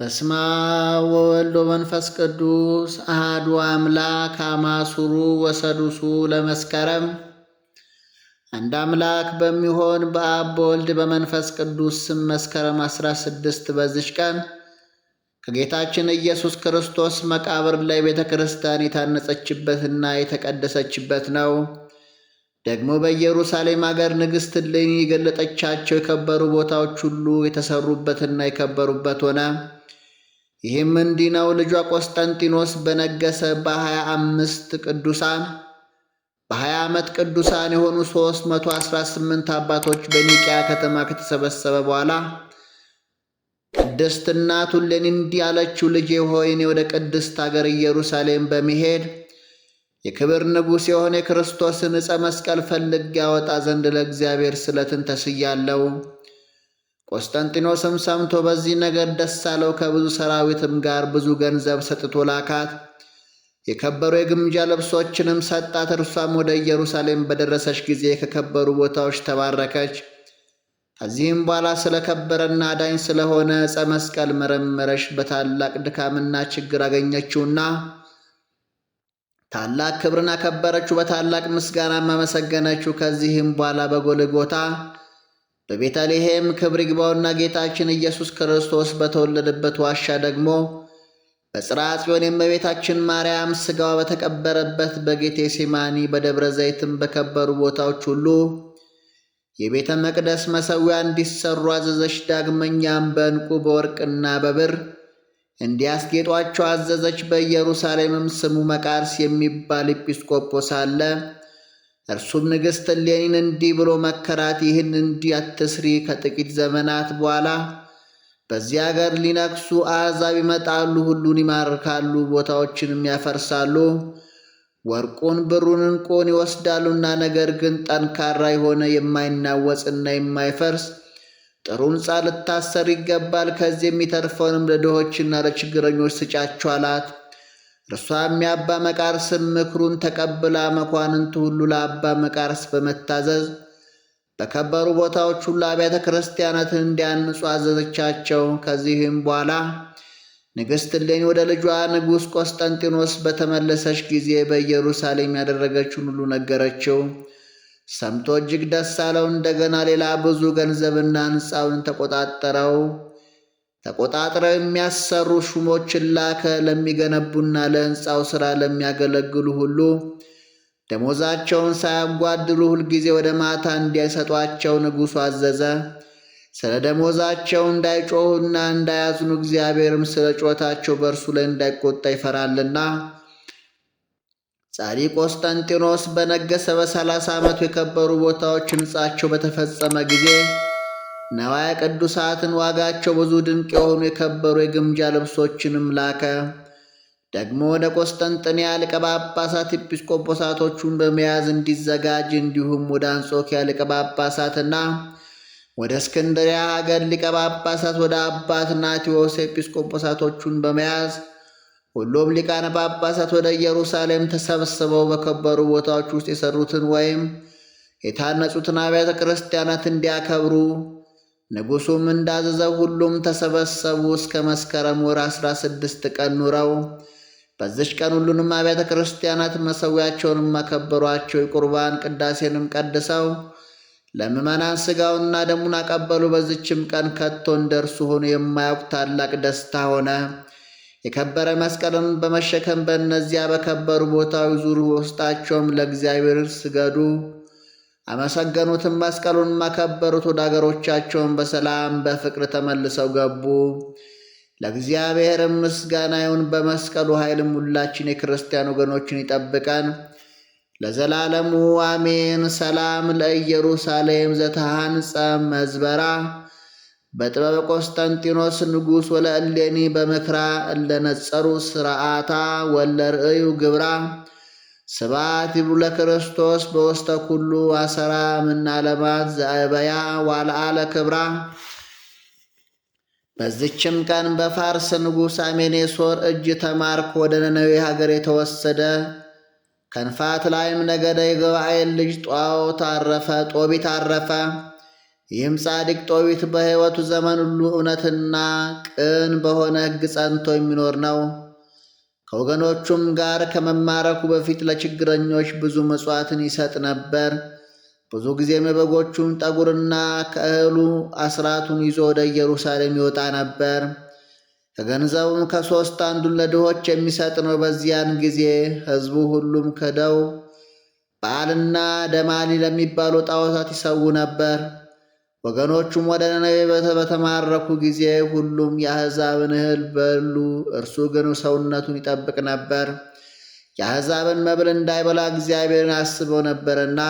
በስማ ወወልድ ወመንፈስ ቅዱስ አህዱ አምላክ አማሱሩ ወሰዱሱ ለመስከረም አንድ አምላክ በሚሆን በአብ በወልድ በመንፈስ ቅዱስ ስም መስከረም 16 በዚች ቀን ከጌታችን ኢየሱስ ክርስቶስ መቃብር ላይ ቤተ ክርስቲያን የታነጸችበትና የተቀደሰችበት ነው። ደግሞ በኢየሩሳሌም አገር ንግሥት እሌኒ የገለጠቻቸው የከበሩ ቦታዎች ሁሉ የተሰሩበትና የከበሩበት ሆነ። ይህም እንዲህ ነው። ልጇ ቆስጠንጢኖስ በነገሰ በሀያ አምስት ቅዱሳን በሀያ ዓመት ቅዱሳን የሆኑ 318 አባቶች በኒቅያ ከተማ ከተሰበሰበ በኋላ ቅድስት እናቱ እሌኒ እንዲህ አለችው፣ ልጄ ሆይ እኔ ወደ ቅድስት አገር ኢየሩሳሌም በመሄድ የክብር ንጉሥ የሆነ የክርስቶስን ዕፀ መስቀል ፈልጌ ያወጣ ዘንድ ለእግዚአብሔር ስለትን ተስያለው። ቆስጠንጢኖስም ሰምቶ በዚህ ነገር ደስ አለው። ከብዙ ሰራዊትም ጋር ብዙ ገንዘብ ሰጥቶ ላካት። የከበሩ የግምጃ ልብሶችንም ሰጣት። እርሷም ወደ ኢየሩሳሌም በደረሰች ጊዜ ከከበሩ ቦታዎች ተባረከች። ከዚህም በኋላ ስለከበረና አዳኝ ስለሆነ ዕፀ መስቀል መረመረች። በታላቅ ድካምና ችግር አገኘችውና ታላቅ ክብርን አከበረችው፣ በታላቅ ምስጋና አመሰገነችው። ከዚህም በኋላ በጎልጎታ በቤተልሔም ክብር ይግባውና ጌታችን ኢየሱስ ክርስቶስ በተወለደበት ዋሻ ደግሞ በጽርሐ ጽዮን የእመቤታችን ማርያም ሥጋዋ በተቀበረበት በጌቴሴማኒ በደብረ ዘይትም በከበሩ ቦታዎች ሁሉ የቤተ መቅደስ መሠዊያ እንዲሰሩ አዘዘች። ዳግመኛም በእንቁ በወርቅና በብር እንዲያስጌጧቸው አዘዘች። በኢየሩሳሌምም ስሙ መቃርስ የሚባል ኤጲስቆጶስ አለ። እርሱም ንግሥት እሌኒን እንዲህ ብሎ መከራት፣ ይህን እንዲህ አትስሪ። ከጥቂት ዘመናት በኋላ በዚህ አገር ሊነግሱ አሕዛብ ይመጣሉ፣ ሁሉን ይማርካሉ፣ ቦታዎችንም ያፈርሳሉ፣ ወርቁን ብሩን እንቁን ይወስዳሉና ነገር ግን ጠንካራ የሆነ የማይናወጽና የማይፈርስ ጥሩ ሕንፃ ልታሰር ይገባል። ከዚህ የሚተርፈውንም ለድሆችና ለችግረኞች ስጫቸው አላት። እርሷም የአባ መቃርስ ምክሩን ተቀብላ መኳንንት ሁሉ ለአባ መቃርስ በመታዘዝ በከበሩ ቦታዎች ሁሉ አብያተ ክርስቲያናትን እንዲያንጹ አዘዘቻቸው። ከዚህም በኋላ ንግሥት እሌኒ ወደ ልጇ ንጉሥ ቆስጠንጢኖስ በተመለሰች ጊዜ በኢየሩሳሌም ያደረገችውን ሁሉ ነገረችው። ሰምቶ እጅግ ደስ አለው። እንደገና ሌላ ብዙ ገንዘብና ሕንፃውን ተቆጣጠረው። ተቆጣጥረው የሚያሰሩ ሹሞችን ላከ። ለሚገነቡና ለሕንፃው ሥራ ለሚያገለግሉ ሁሉ ደሞዛቸውን ሳያጓድሉ ሁልጊዜ ወደ ማታ እንዲያሰጧቸው ንጉሡ አዘዘ። ስለ ደሞዛቸው እንዳይጮሁና እንዳያዝኑ እግዚአብሔርም ስለ ጮታቸው በእርሱ ላይ እንዳይቆጣ ይፈራልና። ጻድቁ ቆስጠንጢኖስ በነገሰ በሰላሳ ዓመቱ የከበሩ ቦታዎች ሕንጻቸው በተፈጸመ ጊዜ ነዋየ ቅዱሳትን ዋጋቸው ብዙ ድንቅ የሆኑ የከበሩ የግምጃ ልብሶችንም ላከ። ደግሞ ወደ ቆስጠንጥንያ ሊቀ ጳጳሳት ኤጲስቆጶሳቶቹን በመያዝ እንዲዘጋጅ እንዲሁም ወደ አንጾኪያ ሊቀ ጳጳሳትና ወደ እስክንድሪያ ሀገር ሊቀ ጳጳሳት ወደ አባት ናቲዎስ ኤጲስቆጶሳቶቹን በመያዝ ሁሉም ሊቃነ ጳጳሳት ወደ ኢየሩሳሌም ተሰብስበው በከበሩ ቦታዎች ውስጥ የሠሩትን ወይም የታነጹትን አብያተ ክርስቲያናት እንዲያከብሩ ንጉሡም እንዳዘዘው ሁሉም ተሰበሰቡ። እስከ መስከረም ወር አስራ ስድስት ቀን ኑረው በዚች ቀን ሁሉንም አብያተ ክርስቲያናት መሠዊያቸውንም አከበሯቸው። የቁርባን ቅዳሴንም ቀድሰው ለምእመናን ሥጋውና ደሙን አቀበሉ። በዚችም ቀን ከቶ እንደርሱ ሆኑ ሆኖ የማያውቅ ታላቅ ደስታ ሆነ። የከበረ መስቀልን በመሸከም በእነዚያ በከበሩ ቦታዊ ዙር ውስጣቸውም ለእግዚአብሔር ስገዱ አመሰገኑትም፣ መስቀሉን አከበሩት። ወደ አገሮቻቸውን በሰላም በፍቅር ተመልሰው ገቡ። ለእግዚአብሔርም ምስጋና ይሁን። በመስቀሉ ኃይልም ሁላችን የክርስቲያን ወገኖችን ይጠብቀን ለዘላለሙ አሜን። ሰላም ለኢየሩሳሌም ዘተሃንጸ መዝበራ በጥበበ ቆስጠንጢኖስ ንጉሥ ወለእሌኒ በምክራ እለነጸሩ ስርዓታ ወለርእዩ ግብራ ስብሐት ይብሉ ለክርስቶስ በውስተ ኩሉ አሰራ ምናለባት ዘአበያ ዋልአለ ክብራ። በዝችም ቀን በፋርስ ንጉሥ አሜኔሶር እጅ ተማርክ ወደ ነነዌ ሀገር የተወሰደ ከንፋት ላይም ነገደ የገባኤል ልጅ ጧዖት አረፈ ጦቢት አረፈ። ይህም ጻድቅ ጦቢት በሕይወቱ ዘመን ሁሉ እውነትና ቅን በሆነ ሕግ ጸንቶ የሚኖር ነው። ከወገኖቹም ጋር ከመማረኩ በፊት ለችግረኞች ብዙ መሥዋዕትን ይሰጥ ነበር። ብዙ ጊዜም የበጎቹን ጠጉርና ከእህሉ አስራቱን ይዞ ወደ ኢየሩሳሌም ይወጣ ነበር። ከገንዘቡም ከሦስት አንዱን ለድሆች የሚሰጥ ነው። በዚያን ጊዜ ሕዝቡ ሁሉም ክደው በዓልና ደማሊ ለሚባሉ ጣዖታት ይሰዉ ነበር። ወገኖቹም ወደ ነነዌ በተማረኩ ጊዜ ሁሉም የአሕዛብን እህል በሉ። እርሱ ግን ሰውነቱን ይጠብቅ ነበር፣ የአሕዛብን መብል እንዳይበላ እግዚአብሔርን አስበው ነበርና።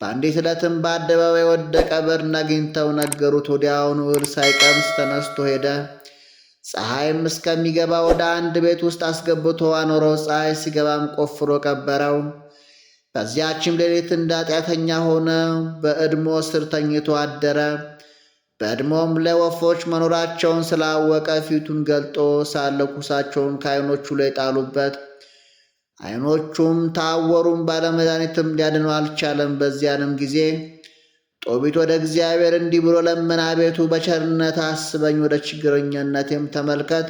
በአንዲት ዕለትም በአደባባይ ወደቀ በድን አግኝተው ነገሩት። ወዲያውኑ እህል ሳይቀምስ ተነስቶ ሄደ። ፀሐይም እስከሚገባ ወደ አንድ ቤት ውስጥ አስገብቶ አኖረው። ፀሐይ ሲገባም ቆፍሮ ቀበረው። በዚያችም ሌሊት እንዳጢአተኛ ሆነ፣ በእድሞ ስር ተኝቶ አደረ። በእድሞም ለወፎች መኖራቸውን ስላወቀ ፊቱን ገልጦ ሳለ ኩሳቸውን ከዓይኖቹ ላይ ጣሉበት። ዓይኖቹም ታወሩም፣ ባለመድኃኒትም ሊያድኑ አልቻለም። በዚያንም ጊዜ ጦቢት ወደ እግዚአብሔር እንዲህ ብሎ ለመና፣ አቤቱ በቸርነት አስበኝ፣ ወደ ችግረኝነቴም ተመልከት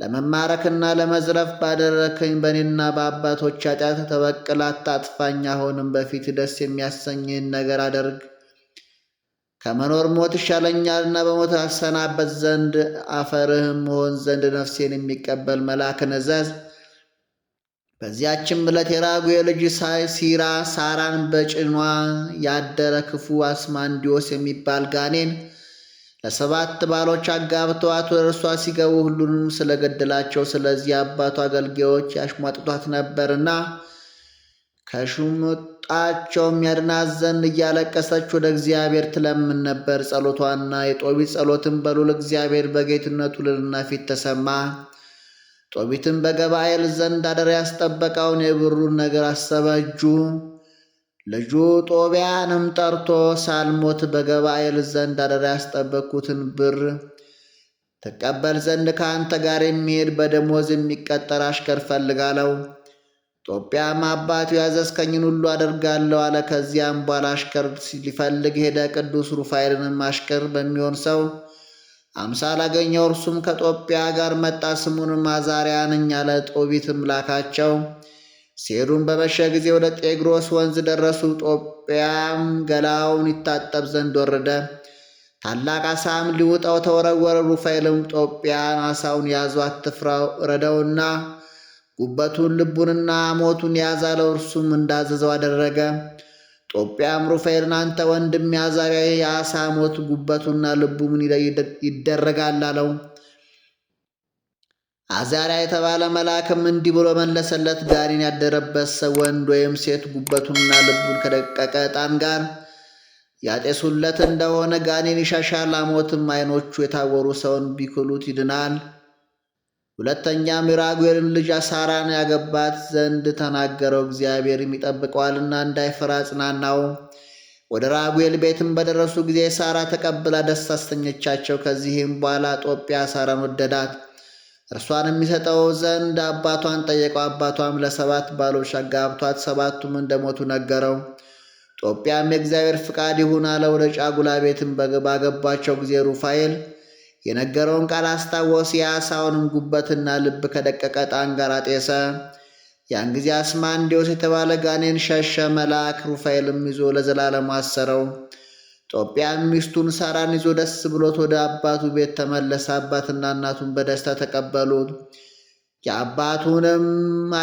ለመማረክና ለመዝረፍ ባደረከኝ በእኔና በአባቶች ኃጢአት ተበቅል አታጥፋኝ። አሁንም በፊት ደስ የሚያሰኝህን ነገር አደርግ። ከመኖር ሞት ይሻለኛልና በሞት አሰናበት ዘንድ አፈርህም መሆን ዘንድ ነፍሴን የሚቀበል መልአክ ነዘዝ። በዚያችም ዕለት የራጉኤ ልጅ ሲራ ሳራን በጭኗ ያደረ ክፉ አስማንዲዮስ የሚባል ጋኔን ለሰባት ባሎች አጋብተዋት ወደ እርሷ ሲገቡ ሁሉንም ስለገደላቸው ስለዚህ አባቱ አገልጌዎች ያሽሟጥቷት ነበርና ከሽሙጣቸው ያድናት ዘንድ እያለቀሰች ወደ እግዚአብሔር ትለምን ነበር። ጸሎቷና የጦቢት ጸሎትን በሉል እግዚአብሔር በጌትነቱ ልልና ፊት ተሰማ። ጦቢትን በገባኤል ዘንድ አደር ያስጠበቀውን የብሩን ነገር አሰበ እጁ ልጁ ጦቢያንም ጠርቶ ሳልሞት በገባኤል ዘንድ አደራ ያስጠበቅኩትን ብር ትቀበል ዘንድ ከአንተ ጋር የሚሄድ በደሞዝ የሚቀጠር አሽከር ፈልጋለሁ። ጦቢያም አባቱ ያዘዝከኝን ሁሉ አደርጋለሁ አለ። ከዚያም በኋላ አሽከር ሊፈልግ ሄደ። ቅዱስ ሩፋኤልንም አሽከር በሚሆን ሰው አምሳል አገኘው። እርሱም ከጦቢያ ጋር መጣ። ስሙንም አዛሪያን አለ። ጦቢትም ላካቸው። ሲሄዱም በመሸ ጊዜ ወደ ጤግሮስ ወንዝ ደረሱ። ጦቢያም ገላውን ይታጠብ ዘንድ ወረደ። ታላቅ አሳም ሊውጠው ተወረወረ። ሩፋኤልም ጦቢያን አሳውን ያዙ፣ አትፍራው፣ ረዳውና ጉበቱን ልቡንና ሞቱን ያዝ አለው። እርሱም እንዳዘዘው አደረገ። ጦቢያም ሩፋኤልን አንተ ወንድም ያዛ የአሳ ሞት ጉበቱና ልቡ ምን ይደረጋል አለው። አዛርያ የተባለ መልአክም እንዲህ ብሎ መለሰለት፣ ጋሪን ያደረበት ሰው ወንድ ወይም ሴት ጉበቱንና ልቡን ከደቀቀ ዕጣን ጋር ያጤሱለት እንደሆነ ጋኔን ይሻሻ አሞትም አይኖቹ የታወሩ ሰውን ቢክሉት ይድናል። ሁለተኛም የራጉኤልን ልጅ ሳራን ያገባት ዘንድ ተናገረው፣ እግዚአብሔር ይጠብቀዋልና እንዳይፈራ ጽናናው። ወደ ራጉኤል ቤትም በደረሱ ጊዜ ሳራ ተቀብላ ደስ አስተኘቻቸው። ከዚህም በኋላ ጦጵያ ሳራን ወደዳት። እርሷን የሚሰጠው ዘንድ አባቷን ጠየቀው። አባቷም ለሰባት ባሎች አጋብቷት ሰባቱም እንደሞቱ ነገረው። ጦቢያም የእግዚአብሔር ፍቃድ ይሁን አለ። ወደ ጫጉላ ቤትም ባገባቸው ጊዜ ሩፋኤል የነገረውን ቃል አስታወስ። የአሳውንም ጉበትና ልብ ከደቀቀ ጣን ጋር አጤሰ። ያን ጊዜ አስማንዲዎስ የተባለ ጋኔን ሸሸ። መልአክ ሩፋኤልም ይዞ ለዘላለም አሰረው። ጦቢያም ሚስቱን ሳራን ይዞ ደስ ብሎት ወደ አባቱ ቤት ተመለሰ። አባትና እናቱን በደስታ ተቀበሉት። የአባቱንም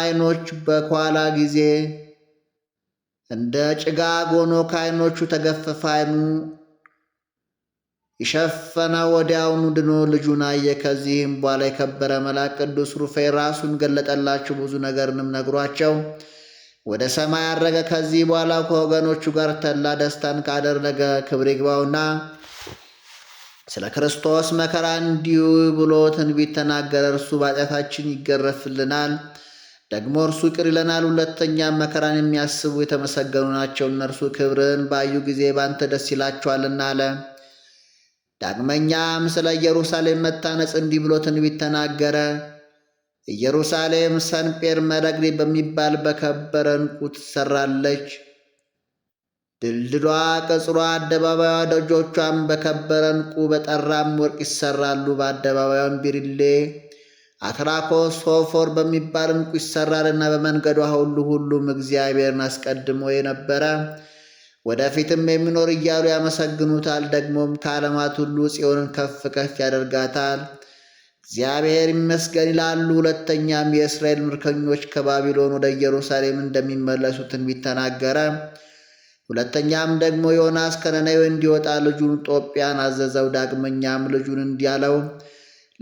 አይኖች በኳላ ጊዜ እንደ ጭጋግ ሆኖ ከአይኖቹ ተገፈፈ። አይኑ የሸፈነ ወዲያውኑ ድኖ ልጁን አየ። ከዚህም በኋላ የከበረ መልአክ ቅዱስ ሩፌ ራሱን ገለጠላቸው፣ ብዙ ነገርንም ነግሯቸው ወደ ሰማይ አረገ። ከዚህ በኋላ ከወገኖቹ ጋር ተላ ደስታን ካደረገ ክብር ይግባውና ስለ ክርስቶስ መከራ እንዲሁ ብሎ ትንቢት ተናገረ። እርሱ በኃጢአታችን ይገረፍልናል፣ ደግሞ እርሱ ቅር ይለናል። ሁለተኛም መከራን የሚያስቡ የተመሰገኑ ናቸው፣ እነርሱ ክብርን ባዩ ጊዜ ባንተ ደስ ይላቸዋልና አለ። ዳግመኛም ስለ ኢየሩሳሌም መታነጽ እንዲህ ብሎ ትንቢት ተናገረ። ኢየሩሳሌም ሰንጴር መረግሪ በሚባል በከበረ ዕንቁ ትሰራለች። ድልድሏ፣ ቅጽሯ፣ አደባባዩ፣ ደጆቿም በከበረ ዕንቁ በጠራም ወርቅ ይሰራሉ። በአደባባዩም ቢሪሌ፣ አትራኮስ፣ ሶፎር በሚባል ዕንቁ ይሰራልና በመንገዷ ሁሉ ሁሉም እግዚአብሔርን አስቀድሞ የነበረ ወደፊትም የሚኖር እያሉ ያመሰግኑታል። ደግሞም ከዓለማት ሁሉ ጽዮንን ከፍ ከፍ ያደርጋታል። እግዚአብሔር ይመስገን ይላሉ። ሁለተኛም የእስራኤል ምርኮኞች ከባቢሎን ወደ ኢየሩሳሌም እንደሚመለሱ ትንቢት ተናገረ። ሁለተኛም ደግሞ ዮናስ ከነነዌ እንዲወጣ ልጁን ጦጵያን አዘዘው። ዳግመኛም ልጁን እንዲያለው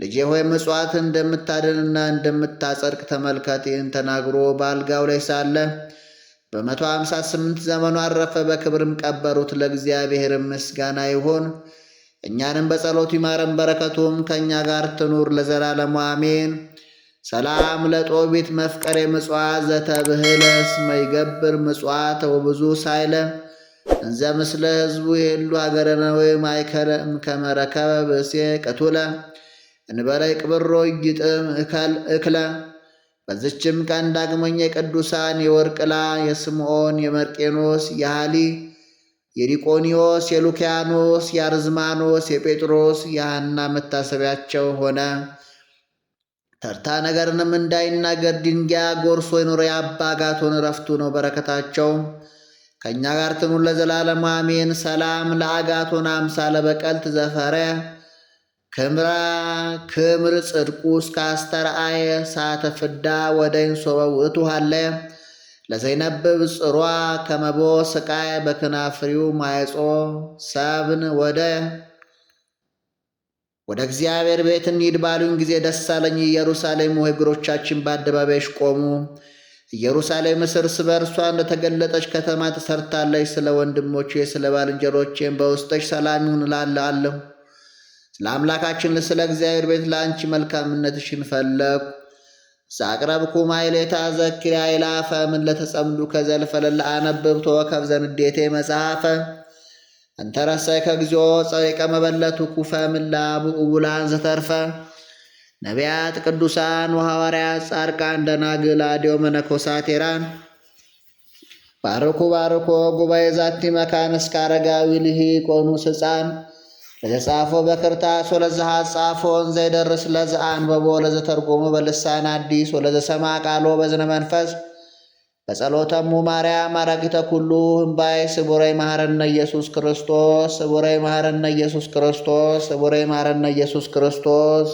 ልጄ ሆይ ምጽዋት እንደምታድንና እንደምታጸድቅ ተመልከት። ይህን ተናግሮ በአልጋው ላይ ሳለ በመቶ ሃምሳ ስምንት ዘመኑ አረፈ። በክብርም ቀበሩት። ለእግዚአብሔር ምስጋና ይሆን እኛንም በጸሎቱ ይማረን፣ በረከቱም ከእኛ ጋር ትኑር ለዘላለሙ አሜን። ሰላም ለጦቢት መፍቀሬ ምጽዋት ዘተብህለስ መይገብር ምጽዋት ወብዙ ሳይለ እንዘ ምስለ ህዝቡ የሉ ሀገረ ነዌ ማእከለ እምከመ ብእሴ ቅቱለ እንበለ ቅብሮ ይጥም እክለ። በዝችም ቀን ዳግመኛ የቅዱሳን የወርቅላ፣ የስምዖን፣ የመርቄኖስ፣ የሃሊ የዲቆኒዎስ፣ የሉኪያኖስ፣ የአርዝማኖስ፣ የጴጥሮስ፣ የሐና መታሰቢያቸው ሆነ። ተርታ ነገርንም እንዳይናገር ድንጊያ ጎርሶ የኖረ የአባ አጋቶን እረፍቱ ነው። በረከታቸው ከእኛ ጋር ትኑ ለዘላለም አሜን። ሰላም ለአጋቶን አምሳለ በቀልት ዘፈረ ክምራ ክምር ጽድቁ እስከ አስተርአየ ሳተፍዳ ወደ ይንሶበ ውእቱ ለዘይነብ ጽሯ ከመቦ ስቃይ በክናፍሪው ማይጾ ሰብን ወደ ወደ እግዚአብሔር ቤት እንሂድ ባሉኝ ጊዜ ደስ አለኝ። ኢየሩሳሌም ሆይ እግሮቻችን በአደባባይሽ ቆሙ። ኢየሩሳሌም እርስ በእርሷ እንደተገለጠች ከተማ ተሰርታለች። ስለ ወንድሞቼ ስለ ባልንጀሮቼም በውስጠች ሰላም ይሁን እላለሁ። ስለ አምላካችን ስለ እግዚአብሔር ቤት ለአንቺ መልካምነትሽን ፈለግኩ። ሳቅረብኩማ ይሌታ ዘኪርያ ይላፈ ምን ለተጸምዱ ከዘልፈለላ አነብብቶ ከብዘ ንዴቴ መጽሐፈ እንተረሳይ ከግዚኦ ጸሪቀ መበለቱ ኩፈ ምላ ብኡቡላን ዘተርፈ ነቢያት ቅዱሳን ወሐዋርያት ጻድቃን ደናግል አድዮ መነኮሳት ቴራን ባርኩ ባርኮ ጉባኤ ዛቲ መካን እስከ አረጋዊ ልሂ ቆኑስ ሕፃን ለተጻፈው በክርታስ ወለዘሐጻፎ ዘይደርስ ለዘአንበቦ ለዘተርጎሙ በልሳን አዲስ ወለዘሰማ ቃሎ በዝነ መንፈስ በጸሎተሙ ማርያም አራጊተ ኩሉ ህምባይ ስቡረይ መሐረነ ኢየሱስ ክርስቶስ ስቡረይ መሐረነ ኢየሱስ ክርስቶስ ስቡረይ መሐረነ ኢየሱስ ክርስቶስ